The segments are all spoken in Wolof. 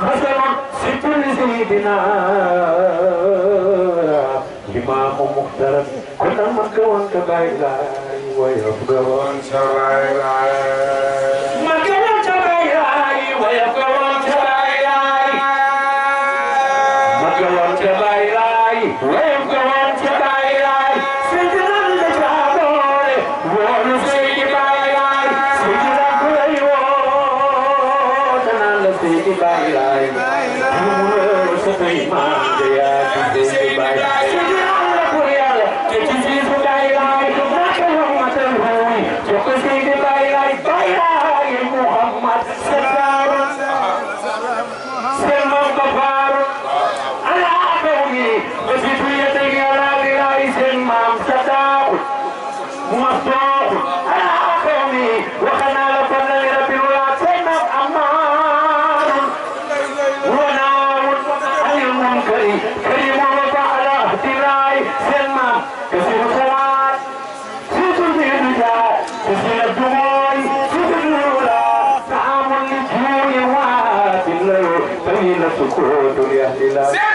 خسرت سكر سيدنا إمام محترم كنا منك وانت لا إله ويبقى وانت لا إله ويبقى وانت لا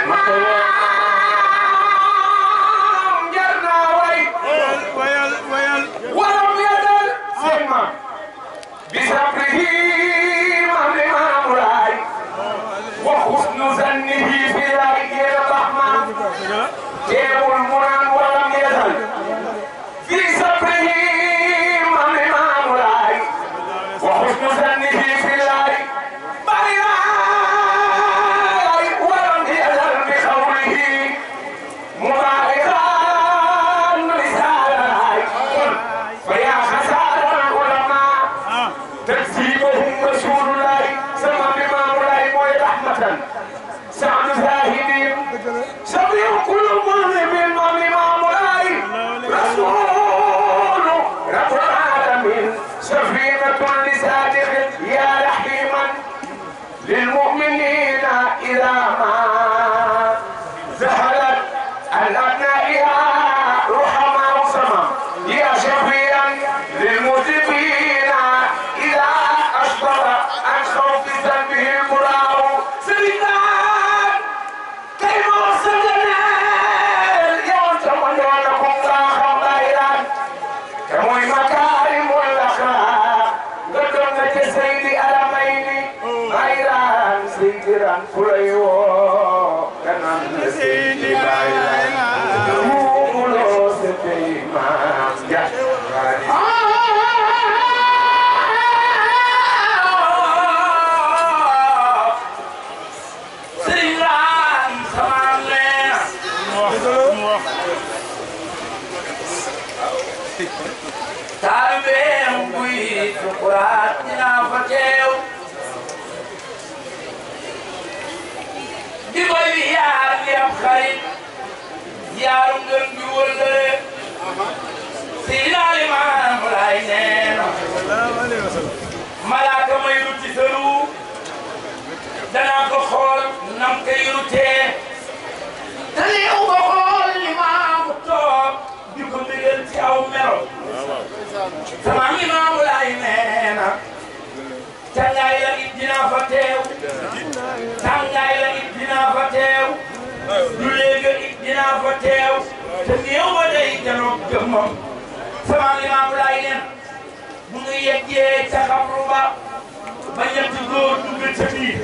وحسن ظنه برأي الرحمن جيب المنى وهم رسول الله سمى بما مولاي موي رحمة Seydi Ran Fulayoo kanam Seydi di ab xarit yaaru ngën bi wëllëre Seydina Limaamu Laay nee na malaaka may rutti sëru danaa ko xool nam koy ruttee daneew ko xool limaamu toog di ko mbëggal ci aw melo maa fa teew te néew ma day janoog jëmmam sama limaamu laay nen bu ñu yeggee ca xabru ba ba ñetti góor dugg ca biir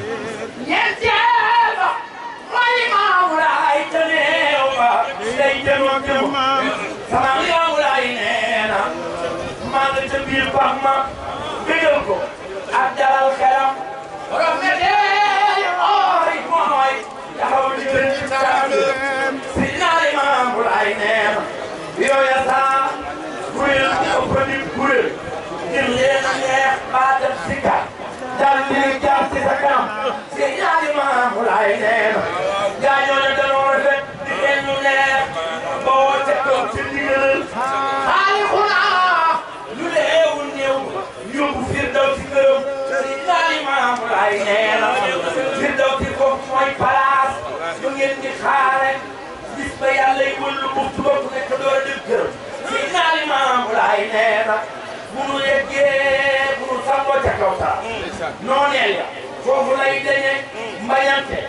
ñetteel ba mooy limaamu laay te néew ma day janoog jëmmam sama limaamu laay nee na maa nga ca biir pax ma bégal ko ak dalal xel ca ndigal xaalixul araf lu leewul néew yóbbu firdaw ci këram sëriñ daal imaamu laay nee na firdaw ci foofu mooy palaas ñu ngeen di xaare bis ba yàlla yi wëllu buft bopp nekk door a dem këram sëriñ daal imaamu laay nee na bu nu yeggee bu nu sangoo ca kaw taa nooneel ya foofu lay dañe mbañante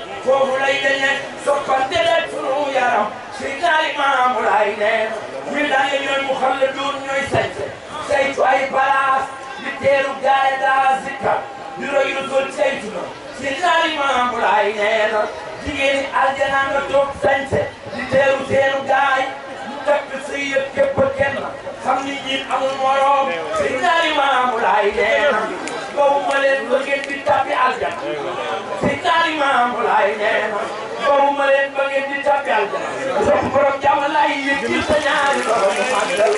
Seydina Limaamu Laay nee na wilaya ñooy mu xam ne doon ñooy sañse saytu ay balaas di teeru gaay daa zikka di roy Rasul saytu na Seydina Limaamu Laay nee na jigéen ñi aljana nga toog sañse di teeru teeru gaay ñu takk sëy yëpp képp kenn xam ni ñiin amul moroom Seydina Limaamu Laay nee na kaw ma leen ba ngeen di tàbbi aljana Seydina Limaamu Laay nee na borom ma leen ba ngeen di tàbbi àjjana sox borom jàmm laay yëkkil sa ñaari borom màggal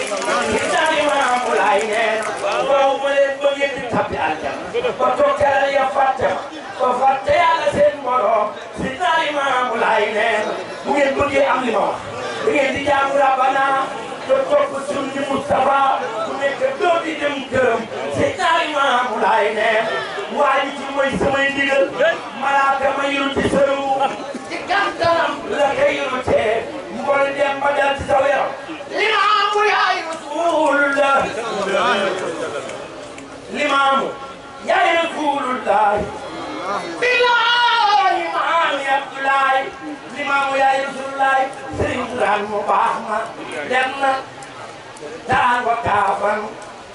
ngir ñaari maamu laay neen borom ma leen ba ngeen di tàbbi àjjana ba toog keral ya fàtte ma ba fàtte yàlla seen borom si ñaari maamu laay neen bu ngeen am li ma wax bu ngeen di jaamu rabbana te ku nekk doo di dem gërëm si ñaari maamu laay neen waa ji ci mooy samay ndigal malaaka ma yëru ci sërëm الإمام يا رسول الله بالله إمام يا عبد الله الإمام يا رسول الله سيد المباحمة لأن دار وكافا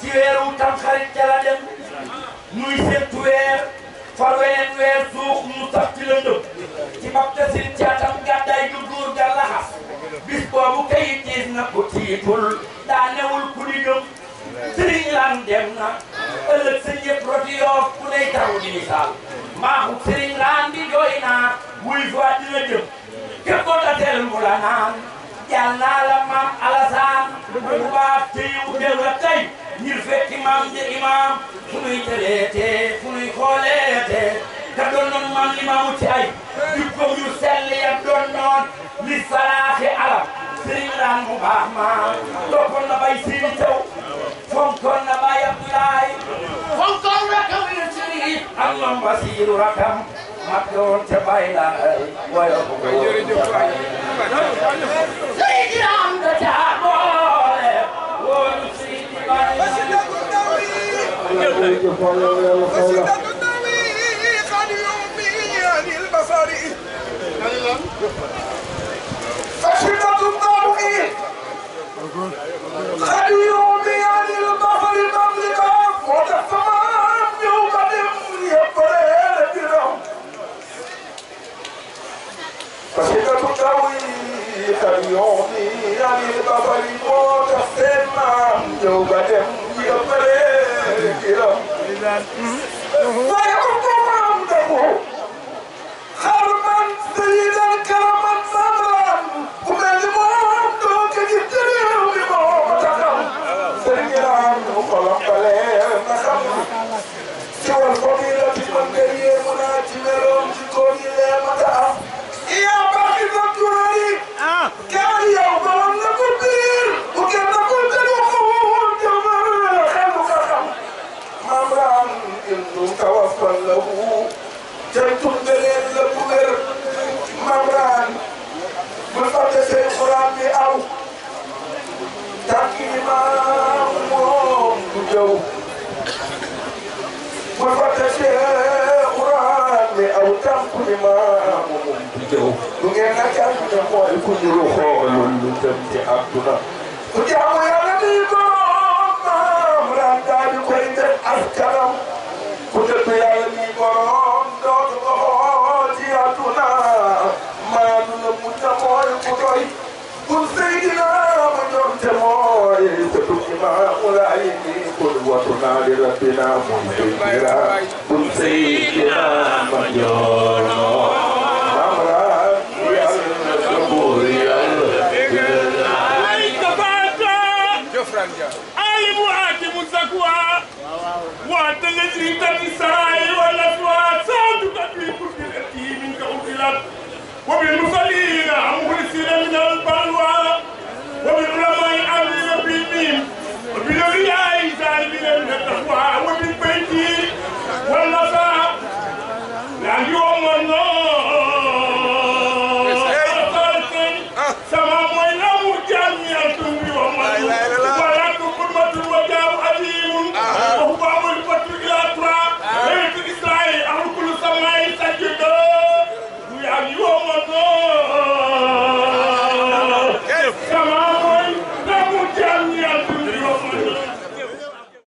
تيرو تم خرج جلالهم ñuy seet weer farween weer suux mu sax ci lëndëm ci bapte sin ci atam gàddaay jub dellu tey ngir fekk imaam ja imaam fu nuy jëleetee fu nuy xooleetee te doon noon maam imaamu ci ay jikkoom yu sell ya doon noon li saraaxe alal sëriñ laan mu baax maam toppoon na bay siini taw fonkoon na bay Abdoulaye fonkoon rakam yu sëriñ am noon basiiru rakam mag doon ca bay laay wayo ko sëriñ am da caa boole رشدة النوي قد يومي عن البصر ku jaamu yàlla nii borom daan daal di koy teg askanam ku dëddu yàlla nii borom dootu ko xool ci àdduna maanu la mujj a mooy ku doy kun Seydina mu doon te mooy te tukki maamu laay nii kun watuna li rabbina mun Seydina kun Seydina ma joon البلاد وبالمصلين مخلصين من البلاد